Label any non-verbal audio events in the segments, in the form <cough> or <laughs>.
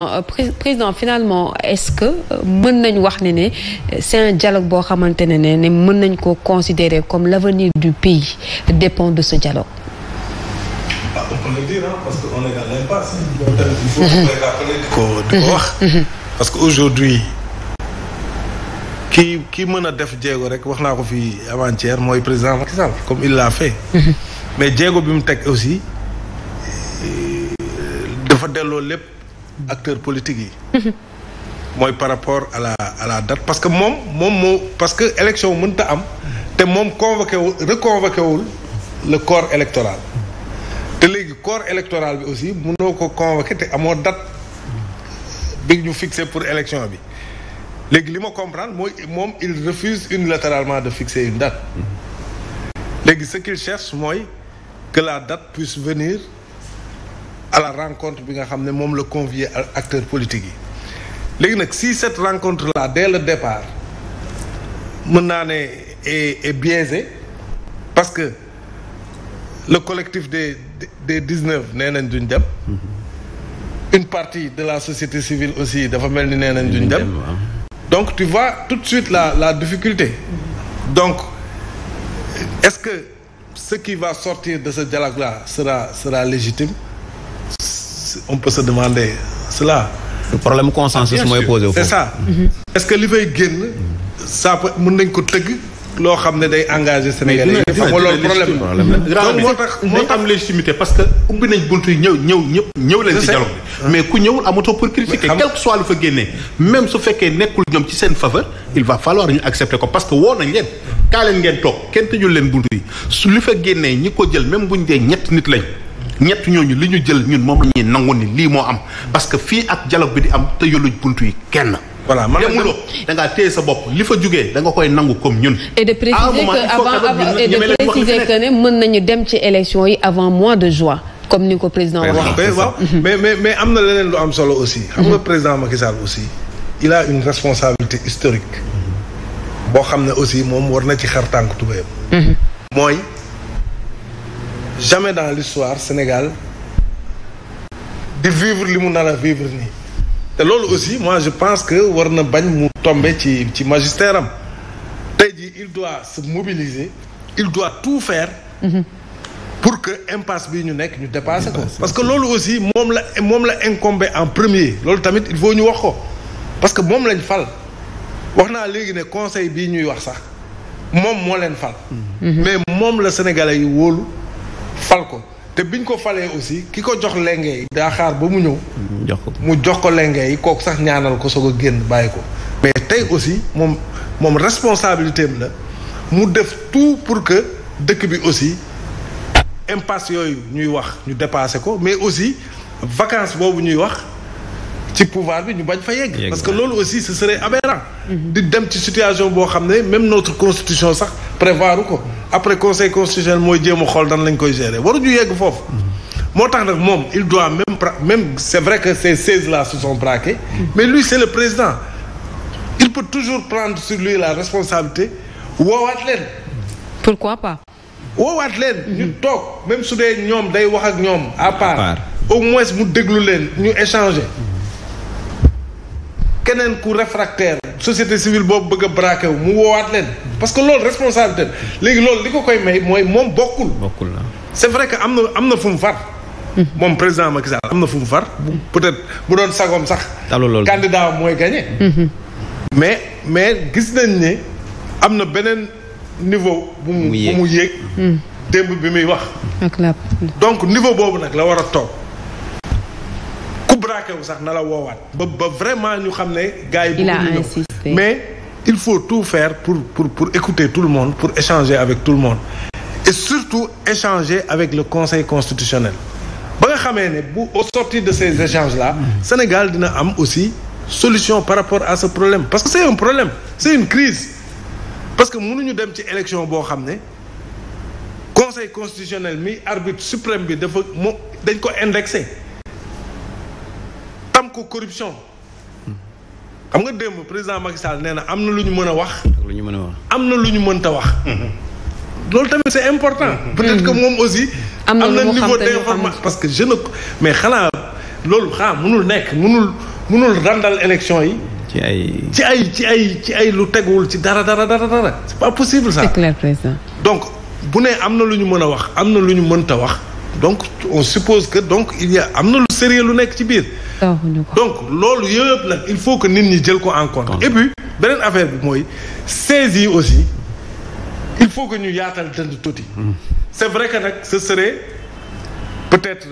Euh, président finalement est-ce que euh, mën nañ wax ne ne c'est un dialogue boo xamante ne ne ne mën nañ ko considérer comme l'avenir du pays dépend de ce dialogue ah, que on est dans ko di ko wax mm-hmm. Mm-hmm. parce que aujourd'hui kii kii mën a def jéego rek wax naa ko fi avant mooy président Macky Sall comme il l'a fait mm-hmm. mais jéego bi mu teg aussi euh, dafa delloo lépp acteurs politiques yi. mooy par rapport à la à parce que moom moom moo parce que élection mënta am. te moom convoqué wul reconvoqué wul le corps électoral. te léegi corps électoral bi aussi mënoo ko convoqué te amoo date bi ñu fixé pour élection bi léegi li ma comprendre mooy moom il refuse unilatéralement de fixer une date léegi ce qu'il cherche mooy que la date puisse venir. à la rencontre bi nga xam ne moom la convier acteurs politiques yi léegi nag si cette rencontre là dès le départ mën naa ne est est biaisé parce que le collectif des des dix-neuf nee nañ duñ dem mm-hmm. une partie de la société civile aussi dafa mel ni nee nañ duñ dem donc tu vois tout de suite la la difficulté donc est-ce que ce qui va sortir de ce dialogue là sera sera légitime on peut se demander cela. Le problème consensus mooy posé wu. c'est ça. Mm-hmm. est-ce que li fay génn. ça mën nañ ko tëgg. loo xam ne day engagé Sénégalais yi. xam nga loolu problème moo tax moo tax am légitimité parce que ubbi nañ buntu yi ñëw ñëw ñëpp. ñëw leen ci dialogue mais ku ñëwul amatoo pour critiquer quel que soit lu fa génne même su fekkee nekkul ñoom ci seen faveur il va falloir ñu accepter ko parce que woo nañ leen. kaa leen ngeen toog kenn tëjul leen buntu yi su li fa génnee ñi ko jël même buñ dee ñett nit lañ. ñett ñooñu li ñu jël ñun moom la ñuy nangu ni lii moo am parce que fii ak dialogue bi di am te lu bunt yi kenn. voilà man la demuloo da ngaa téye sa bopp li fa jugee da nga koy nangu comme ñun. et de préciser que avant et de ne mën nañu dem ci élection yi avant mois de join comme ni ko président waxee. waaw mhm. mais mais am na leneen lu am solo aussi. président Macky aussi. il a une responsabilité historique. boo xam ne aussi moom war na ci xar tànk tubéyam. Mhm. mooy. jamais dans l'histoire Sénégal di vivre li mu nar a vivre nii te loolu aussi moi je pense que war na bañ mu tombe ci ci magistère am tey jii il doit se mobiliser il doit tout fair mhm. pour que impasse bi ñu nekk ñu dépasser ko parce que loolu aussi moom la moom la incombé en premier loolu tamit il faut ñu wax ko parce que moom lañ fal wax naa léegi ne conseil bii ñuy wax sax moom moo leen fal mhm. mais moom la sénégalais yi wóolu fal ko te biñ ko falee aussi ki ko jox lenge yi daa xaar ba mu ñëw. Mm-hmm. jox ko mu jox ko lenge yi kooku sax ñaanal ko soog a génn bàyyi ko. mais tey aussi moom moom responsabilité am la mu def tout pour que dëkk bi aussi impasse yooyu ñuy wax ñu dépassé ko mais aussi vacance boobu ñuy wax. ci pouvoir bi ñu bañ fa yegg parce que loolu aussi ce serait aberrant di dem ci situation boo xam ne même notre constitution sax prévoir ko après conseil constitutionnel mooy jéem a xool dan lañ koy gérer waruñu yegg foofu moo tax nag moom il doit même même c'est vrai que ces seize la se sont braqués mais lui c'est le président il peut toujours prendre sur lui la responsabilité woowaat leen pourquoi pas woowaat leen ñu toog même su dee ñoom day wax ak ñoom à part au moins mu déglu leen ñu échanger keneen ku réfractaire société civile boobu bëgg a wu mu woowaat leen parce que loolu responsabilité léegi loolu li ko koy may mooy moom bokkul bokkul na c'est vrai que am na am na fu mu far hmm. moom président Macky Sall am na fu mu far peut-être bu doon sagoom sax candidat mooy gagné hmm. mais mais gis nañ ne am na beneen niveau bu mu bu mu yéeg hmm. démb bi muy wax donc niveau boobu nag la war a toog attaqué sax na woowaat. ba ba vraiment ñu xam ne. gars yi bëgguñu ñëw mais il faut tout faire pour pour pour écouter tout le monde pour échanger avec tout le échanger avec le conseil constitutionnel nga xamee ne bu au sortir de ces échanges là. Sénégal dina am aussi solution par rapport à ce problème parce que c'est un problème c'est une crise parce que nu ñu dem ci élection boo xam ne. conseil constitutionnel mi arbitre suprême bi dafa mu dañ ko indexé ko corruption. xam nga démb président Macky Sall nee na am na lu ñu mën a wax. lu ñu mën a wax am na lu ñu mënta wax. loolu tamit c'est important. Mm-hmm. peut-être que moom aussi. am na niveau d'information parce que je ne mais xanaa loolu xaa mënul nekk mënul mënul randal élection yi. ci ay ci ay ci ay ci ay lu teguwul ci dara dara dara dara c'est pas possible ça. c'est président. donc bu ne am na lu ñu mën a wax am na lu ñu mënta wax. donc on suppose que donc il y am na lu sérieux lu nekk ci biir. donc loolu yëpp nag il faut que nit ñi jël ko en compte. et puis beneen affaire bi mooy saisi aussi il faut que ñu yaatal dënd tuuti. Hmm. c' est vrai que nag ce serait peut être.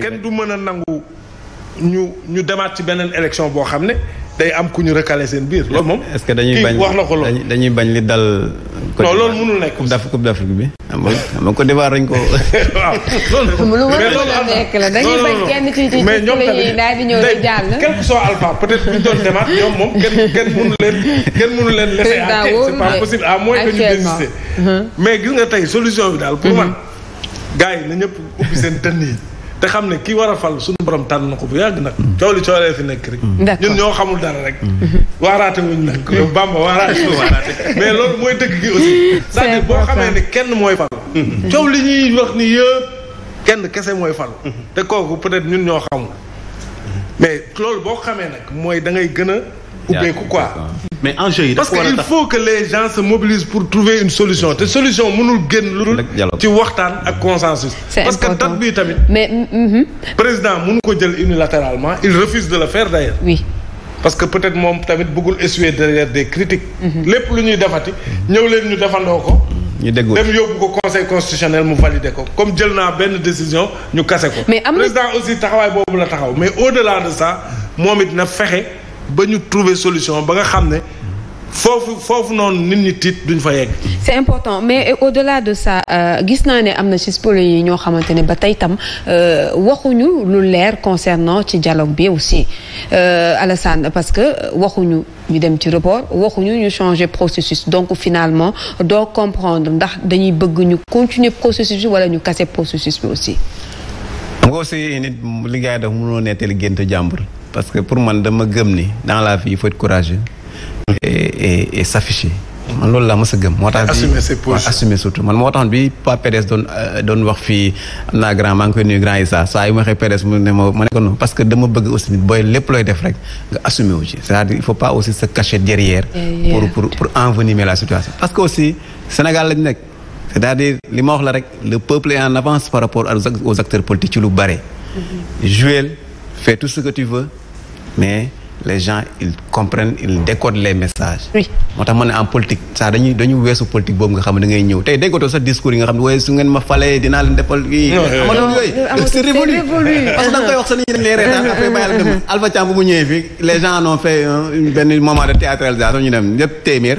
kenn du mën a nangu ñu ñu demaat ci beneen élection boo xam ne day am ku ñu recalé seen biir. loolu moom est que dañuy bañ wax na dañuy bañ li dal. non loolu mënul nekk. coupe d' bi. xam nga xam nga Côte d'Ivoire dañ <laughs> ko. waaw loolu mais loolu am na dañuy bañ kenn ci ci mais ñoom tamit daal di ñëw di jàll. quel soit alpha peut-être ñu doon demaat ñoom moom kenn kenn leen kenn mënu leen laisser à terre c'est pas possible à moins que mais gis nga tey solution bi daal pour man gars yi na ñëpp ubbi seen dënn yi. te xam ne ki war a fal suñu borom tànn na ko bu yàgg nag. coow li coow lee fi nekk rek. ñun ñoo xamul dara rek. Mhm. waaraate wuñ nag mhm. yow Bamba waaraate la waaraate mais loolu mooy dëgg gi aussi. cest à boo xamee ne kenn mooy fal. Mhm. coow li ñuy wax ni yëpp kenn kese mooy fal. te kooku peut-être ñun ñoo xamul. mais loolu boo xamee nag mooy da ngay gën a ubbeeku quoi. mais enjeu yi parce que il faut que les gens se mobilisent pour trouver une solution te solution mënul génn lu dul ci waxtaan ak consensus parce que date bi tamit mais mm-hmm. président mënu ko jël unilatéralement il refuse de le faire d'ailleurs oui parce que peut-être moom tamit bëggul essuyer derrière des critiques mm-hmm. lépp lu ñuy defati mm-hmm. ñëw leen ñu defandoo ko ñu dégg dem yóbbu ko conseil constitutionnel mu valide ko comme jël naa benn décision ñu kase ko am na président aussi taxawaay boobu la taxaw mais au-delà moom it na fexe ba ñu trouver solution ba nga xam ne foofu foofu noonu nit ñi tiit duñ fa yegg. c' est important mais au-delà de ça euh, gis naa ne am na ci spolio yi ñoo xamante ne ba tey tam euh, waxuñu lu leer concernant ci dialogue bi aussi euh, Alassane parce que waxuñu ñu dem ci report waxuñu ñu changer processus donc finalement doo comprendre ndax dañuy bëgg ñu continuer processus wala ñu casser processus bi aussi. nga aussi nit li ngay def mënoo nettali gént jàmbur. parce que pour man dama gëm ni dans la vie il faut être courageux. et man loolu laa mës a gëm. moo tax assumer man bi Pa PDS euh, doon wax fii am naa grand maa ngi koy nuyu grand Issa saa yu ma waxee PDS mu ne ma ma ne parce que dama bëgg aussi booy lépp looy def rek nga assumer wu c'est-à-dire il faut pas aussi se cacher derrière. pour pour envenimer la situation. parce que aussi Sénégal lañ nekk c'est-à-dire li ma wax la rek le peuple est en avance par rapport aux acteurs politiques mais les gens ils comprennent ils décodent les messages. moo tax ma ne en politique saa dañuy dañu weesu politique boobu nga xam ne da ngay ñëw tey déggatoo sa discours yi nga xam ne waaye su ngeen ma falee dinaa leen defal kii. Euh, amaloon yooyu c'est révolu parce que da koy wax sa nit ñi dañ lay dem Alpha bu mu ñëwee fii les gens ont fait euh, benn moment de théâtralisation ñu dem ñëpp téeméer.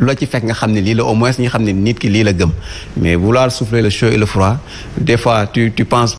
loo ci fekk nga xam ne lii la au moins ñu xam ne nit ki lii la gëm mais vouloir souffler le chaud et le froid des tu tu